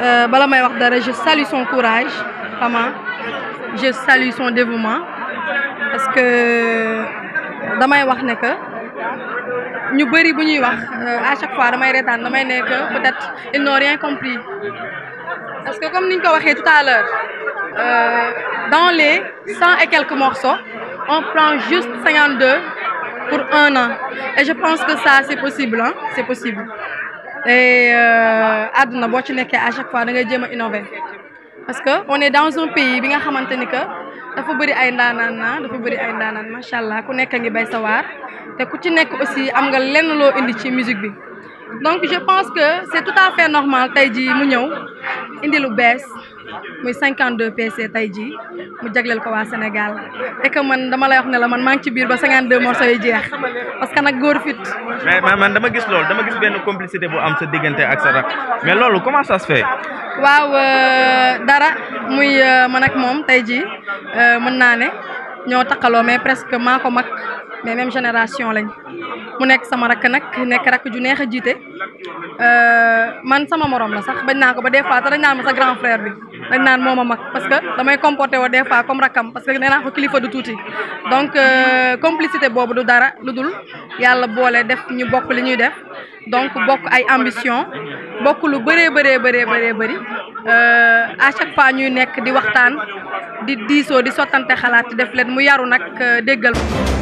Euh, bala may wax dara je salue son courage vraiment je salue son dévouement parce que damay wax ne que ñu bëri bu ñuy wax euh, à chaque fois damay reetaan damay ne que peut-être ils n'ont rien compris parce que comme niñ ko waxee tout à l'heure euh, dans les cent et quelques morceaux on prend juste cinquante deux pour un an et je pense que ça c'est possible hein c'est possible te euh, àdduna boo ci nekkee à chaque fois da ngay jéem a parce que on est dans un pays bi nga xamante ni que dafa bëri ay ndaanaan naa dafa bëri ay ndaanaan macha allah ku nekk a ngi bay sa te ku ci nekk aussi am nga lenn loo indi ci musique bi donc je pense que c'est tout à fait normal tey jii mu ñëw indi lu bees. muy 52 PC tey jii mu jagleel ko waa Sénégal et que man dama lay wax ne la man maa ngi ci biir ba 52 morceaux yi jeex parce que nag góor fit. mais man dama gis loolu dama gis benn complicité bu am sa diggante ak sa rak mais loolu comment ça se fait. waaw euh, dara muy euh, man ak moom tey jii euh, mën naa ne ñoo takkaloo mais presque maa ko mag. mais même génération lañ mu nekk sama rakk nag nekk rakk ju neex a jiite euh, man sama morom la sax bañ naa ko ba des fois te dañ naan ma sa grand frère bi dañ naan moo ma mag parce que damay comporté woo des fois comme rakkam parce que nee naa ko kilifa du tuuti donc euh, complicité boobu du dara lu dul yàlla boolee def ñu bokk li ñuy def donc bokk ay ambition bokk lu bëree bëree bëree bëree bëri euh, à chaque fois ñuy nekk di waxtaan di diisoo di sottante xalaat di def leen mu yaru nag déggal